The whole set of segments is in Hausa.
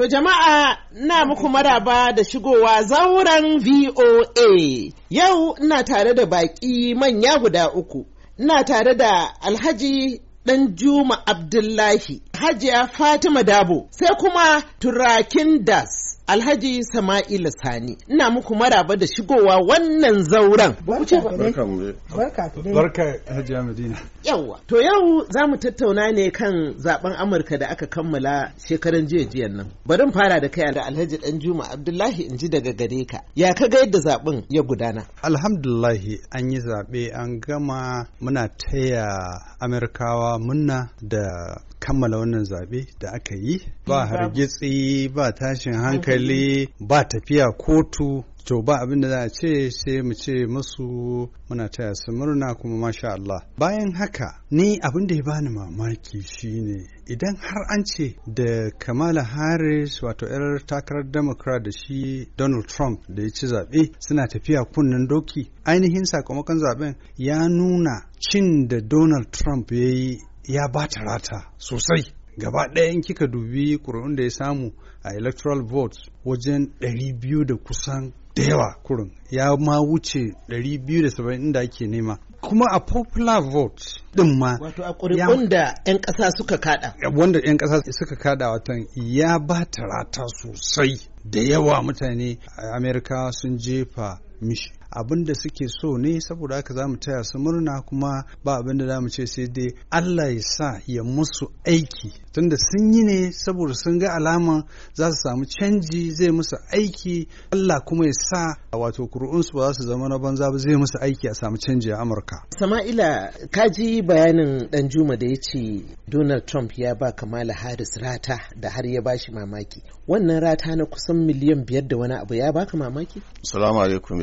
To jama'a na muku maraba da shigowa zauren VOA. Yau ina tare da baƙi manya guda uku. Ina tare da Alhaji ɗan Juma Abdullahi, Hajiya Fatima Dabo, sai kuma Turakin Das. Alhaji Sama'ila Sani. Ina muku maraba da shigowa wannan zauren. Barka Barka Hajiya Madina. Yawwa. To yau za mu tattauna ne kan zaben Amurka da aka kammala shekaran jiya jiyan nan. Bari mu fara da kai da Alhaji Danjuma Abdullahi in ji daga gare ka. Ya ka ga yadda zaben ya gudana? Alhamdulillahi an yi zaɓe an gama muna taya Amurkawa munna da kammala wannan zaɓe da aka yi ba hargitsi ba tashin hankali hankali ba tafiya kotu to ba abin da za a ce sai mu ce masu muna taya su murna kuma masha Allah bayan haka ni abin da ya bani mamaki shine idan har an ce da Kamala Harris wato yar takarar Democrat da shi Donald Trump da ya ci zaɓe suna tafiya kunnen doki ainihin sakamakon zaben ya nuna cin da Donald Trump ya yi ya ba rata sosai gaba ɗaya in kika dubi kurun da ya samu a electoral votes wajen 200 da kusan da yawa kurun ya ma wuce 270 da ake nema kuma a popular vote din ma wato a ƙuri'un da 'yan ƙasa suka kada wanda 'yan ƙasa suka kada watan ya ba ta rata sosai da yawa mutane a amerika sun jefa mishi abin da suke so ne saboda haka za mu taya su murna kuma ba abin da za mu ce sai dai Allah ya sa ya musu aiki tunda sun yi ne saboda sun ga alama za su samu canji zai musu aiki Allah kuma ya sa a wato kuri'unsu ba za su zama na banza ba zai musu aiki a samu canji a Amurka. Sama'ila ka ji bayanin dan Juma da ya ce Donald Trump ya ba Kamala Harris rata da har ya bashi mamaki. Wannan rata na kusan miliyan biyar da wani abu ya baka mamaki? Salamu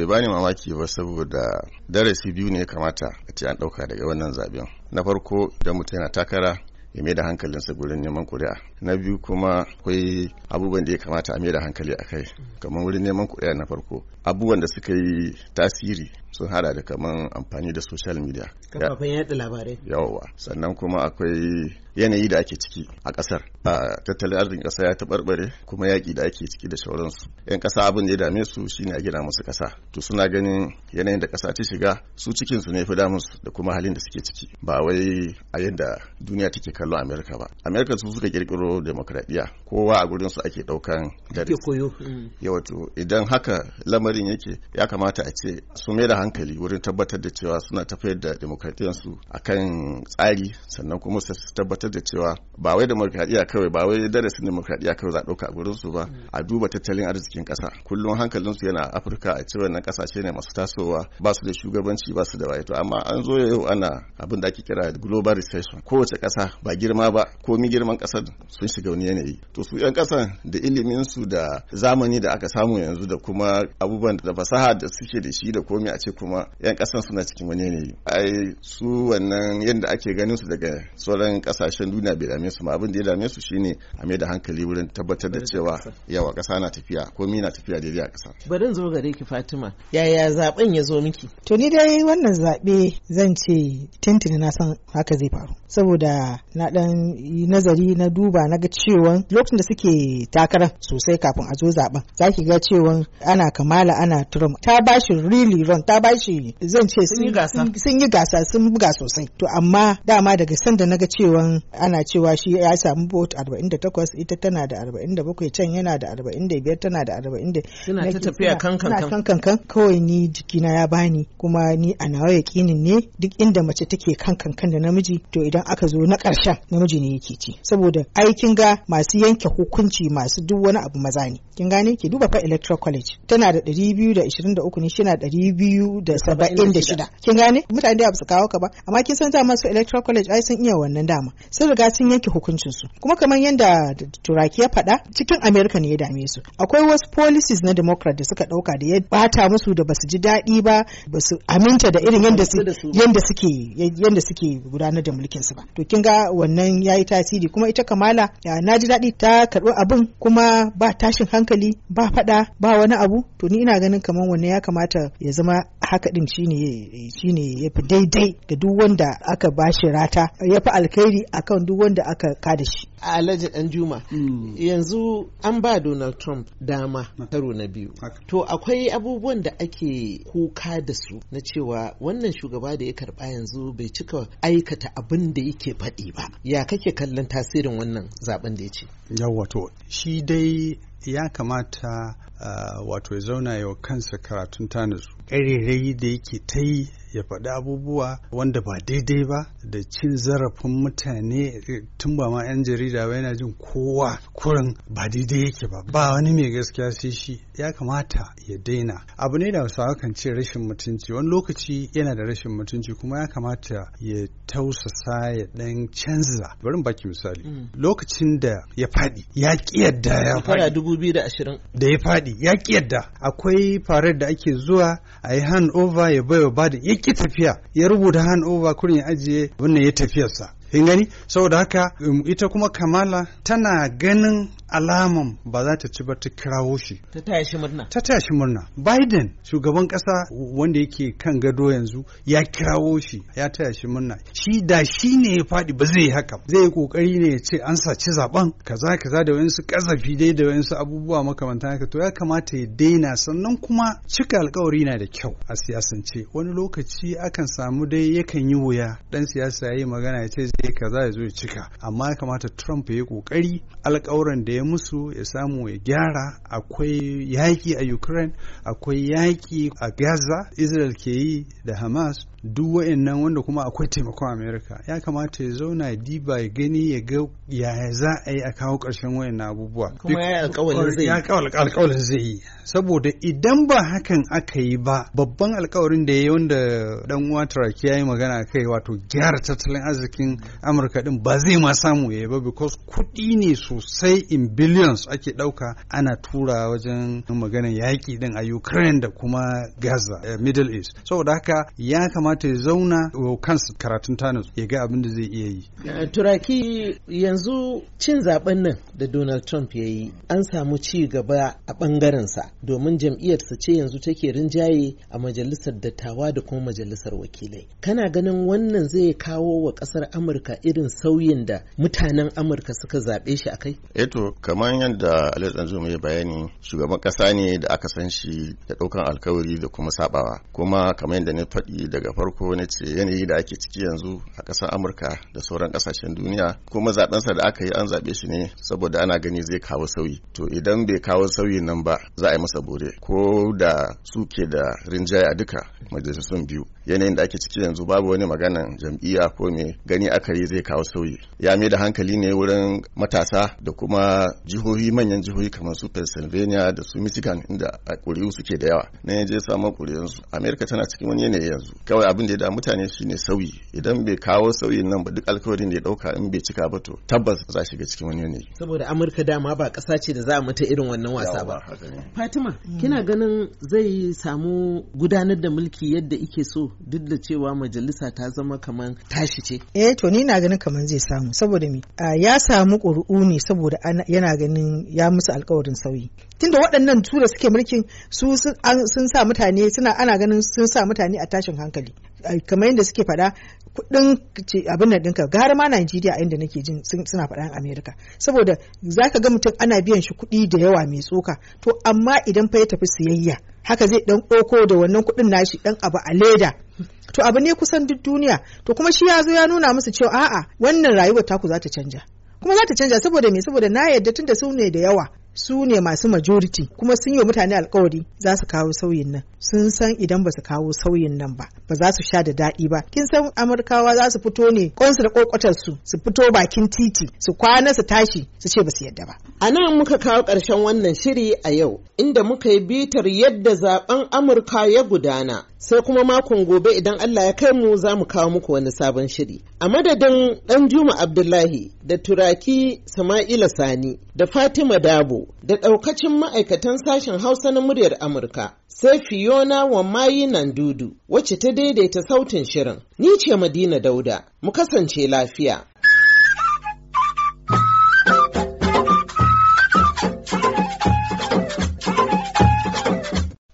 bani mamaki ba saboda darasi biyu ne ya kamata a ce an ɗauka daga wannan zaben na farko idan mutum yana takara ya mai da hankalinsa gurin neman kuri'a na biyu kuma akwai abubuwan da ya kamata a da hankali a kai kamar wurin neman kuɗi na farko abubuwan da suka yi tasiri sun hada da kamar amfani da social media kafafen yaɗa labarai yawa sannan kuma akwai yanayi da ake ciki a ƙasar a tattalin arzikin ƙasa ya taɓarɓare kuma yaƙi da ake ciki da sauransu yan ƙasa abin da ya dame su shine a gina musu ƙasa to suna ganin yanayin da ƙasa ta shiga su cikin su ne fi damus da kuma halin da suke ciki ba wai a yadda duniya take kallon amerika ba amerika su suka kirkiro tsaro demokradiya kowa a gurin su ake daukan dare koyo yawato idan haka lamarin yake ya kamata a ce su mai da hankali wurin tabbatar da cewa suna tafiyar da demokradiyyar su akan tsari sannan kuma su tabbatar da cewa ba wai demokradiyya kawai ba wai darasin demokradiyya kawai za dauka a gurin su ba mm. a duba tattalin arzikin kasa kullum hankalin su yana Afirka a cewa na kasashe ne masu tasowa ba su da shugabanci ba su da waye amma an zo yau ana abin da ake kira global recession kowace kasa ba girma ba komi girman kasar sun shiga wani yanayi to su 'yan kasan da ilimin su da zamani da aka samu yanzu da kuma abubuwan da fasaha da suke da shi da komai a ce kuma 'yan kasan suna cikin wani yanayi ai su wannan yadda ake ganin su daga sauran kasashen duniya bai dame su ma abin da ya dame su shine a mai da hankali wurin tabbatar da cewa yawa kasa na tafiya komai na tafiya daidai a kasa bari zo gare ki Fatima yaya zaben ya zo miki to ni dai wannan zabe zan ce tintini na san haka zai faru saboda na dan nazari na duba na ga cewa lokacin da suke takara sosai kafin a zo zaben za ki ga cewa ana kamala ana trump ta ba shi really run ta ba shi zan ce sun yi gasa sun buga sosai to amma dama daga sanda na ga cewa ana cewa shi ya samu vote 48 ita tana da 47 can yana da 45 tana da 40 suna ta tafiya kan kankan. kan kawai ni jikina ya bani kuma ni a nawa yakinin ne duk inda mace take kankan kan da namiji to idan aka zo na karshen namiji ne yake ci saboda ai kin ga masu yanke hukunci masu duk wani abu maza ne kin gane ki duba fa electoral college tana da 223 ne shi na 276 kin gane mutane da su kawo ka ba amma kin san dama su electoral college ai sun iya wannan dama sun riga sun yanke hukuncin su kuma kamar yanda turaki ya faɗa cikin america ne ya dame su akwai wasu policies na democrat da suka ɗauka da ya bata musu da basu ji daɗi ba basu aminta da irin yadda yanda suke yanda suke gudanar da mulkin su ba to kin ga wannan yayi tasiri kuma ita kamala ya na ji daɗi ta karɓi abin kuma ba tashin hankali ba faɗa ba wani abu to ni ina ganin kamar wanne ya kamata ya zama haka ɗin shi ne ya fi daidai ga duk wanda aka shi rata ya fi alkhairi akan duk wanda aka kada shi a alhaji dan juma hmm. yanzu an ba donald trump dama karo na biyu to akwai abubuwan da ake kuka da su na cewa wannan shugaba da ya karba yanzu bai cika aikata abin da yake faɗi ba ya kake kallon tasirin wannan zaben da ya ce wato shi dai ya kamata ah, wato ya zauna yau kansa karatun ta nutsu da yake ta yi ya faɗi abubuwa wanda ba daidai ba da cin zarafin mutane tun ba ma 'yan jarida ba yana jin kowa kurin ba daidai yake ba ba wani mai gaskiya sai shi ya kamata ya daina abu ne da wasu kan ce rashin mutunci wani lokaci yana da rashin mutunci kuma ya kamata ya tausasa ya ɗan canza bari baki misali mm. lokacin da ya faɗi ya ƙi yadda ya faɗi da ya faɗi ya ƙi yadda akwai farar da ake zuwa a yi hand over ya baiwa bada ya ki tafiya ya rubuta hand over kurin ya ajiye wannan ya tafiyarsa kin gani saboda haka um, ita kuma kamala tana ganin alaman ba za ta ci ba ta kirawo shi. Ta taya shi murna. Ta taya shi murna. Biden shugaban ƙasa wanda yake kan gado yanzu ya kirawo shi ya taya shi murna. Shi da shi ne ya faɗi ba zai yi haka. Zai yi ƙoƙari ne ya ce an saci zaben kaza kaza da wayansu ƙazafi dai da wayansu abubuwa makamantan haka to ya kamata ya daina sannan kuma cika alkawari na da kyau a siyasance wani lokaci akan samu dai yakan yi wuya dan siyasa ya yi magana ya ce zai kaza ya zo ya cika amma ya kamata Trump ya yi ƙoƙari alƙawuran da ya musu ya samu ya gyara akwai yaƙi a ukraine akwai yaƙi a gaza israel ke yi da hamas duk wa'annan wanda kuma akwai taimakon amerika ya kamata ya zauna diba ya gani ya ga yaya za a yi a kawo ƙarshen wa'annan abubuwa kuma ya zai yi saboda idan ba hakan aka yi ba babban alƙawarin da ya yi wanda dan uwa turaki ya yi magana kai wato gyara tattalin arzikin amurka din ba zai ma samu ya yi ba because kuɗi ne sosai in billions ake ɗauka ana tura wajen maganar yaƙi din a ukraine da kuma gaza eh, middle east saboda haka ya kamata kamata ya zauna wa kansa karatun Tanis ya ga abin da zai iya yi. Eh, turaki yanzu cin zaben nan da Donald Trump ya yi an samu ci gaba a ɓangarensa domin jam'iyyar sa ce yanzu take rinjaye a majalisar dattawa da kuma majalisar wakilai. Kana ganin wannan zai kawo wa ƙasar Amurka irin sauyin da mutanen Amurka suka zaɓe shi a kai? Eto, eh kamar yadda Ali Tsanzo ya bayani, shugaban ƙasa ne da aka san shi da ɗaukan alkawari da kuma sabawa. Kuma kamar yadda na faɗi daga farko ne ce yanayi da ake ciki yanzu a ƙasar amurka da sauran ƙasashen duniya kuma zaɓensa da aka yi an zaɓe shi ne saboda ana gani zai kawo sauyi to idan bai kawo sauyi nan ba za a yi masa bore ko da suke da rinjaye a duka majalisun biyu yanayin da ake ciki yanzu babu wani maganan jam'iyya ko me gani aka yi zai kawo sauyi ya mai da hankali ne wurin matasa da kuma jihohi manyan jihohi kamar su pennsylvania da su michigan inda a ƙuri'u suke da yawa na je samun ƙuri'unsu amerika tana cikin wani yanayi yanzu kawai abin da ya da mutane ne sauyi idan bai kawo sauyin nan ba duk alkawarin da ya dauka in bai cika ba to tabbas za shiga cikin wani ne saboda amurka dama ba kasa ce da za a mata irin wannan wasa ba fatima mm. kina ganin zai samu gudanar da mulki yadda ike so duk da cewa majalisa ta zama kamar tashi ce eh to ni na ganin kamar zai samu saboda me ah, ya samu ƙuri'u ne saboda yana ganin ya musu alkawarin sauyi tunda waɗannan su da suke mulkin su sun sa mutane suna ana ganin sun sa mutane a tashin hankali kamar yadda suke faɗa kuɗin abin nan ɗinka gara ma Najeriya a inda nake jin suna faɗan Amerika saboda za ka ga mutum ana biyan shi kuɗi da yawa mai tsoka to amma idan fa ya tafi siyayya haka zai dan ɗauko da wannan kuɗin nashi dan abu a leda to abu ne kusan duk duniya to kuma shi ya zo ya nuna musu cewa a'a wannan rayuwar taku za ta canja kuma za ta canja saboda me saboda na yarda tunda su ne da yawa su ne masu majority kuma sun yi wa mutane alkawari za su kawo sauyin nan sun san idan ba su kawo sauyin nan ba ba za su sha da daɗi ba kin san amurkawa za su fito ne kwansu da kwakwatarsu su su fito bakin titi su kwana su tashi su ce ba su yadda ba a nan muka kawo ƙarshen wannan shiri a yau inda muka yi bitar yadda zaben amurka ya gudana sai kuma makon gobe idan allah ya kai mu za mu kawo muku wani sabon shiri a madadin ɗan juma abdullahi da turaki sama'ila sani da fatima dabo da ɗaukacin ma'aikatan sashen Hausa na muryar Amurka, sai Fiona nan dudu wacce ta daidaita sautin shirin. Ni ce Madina Dauda, mu kasance lafiya.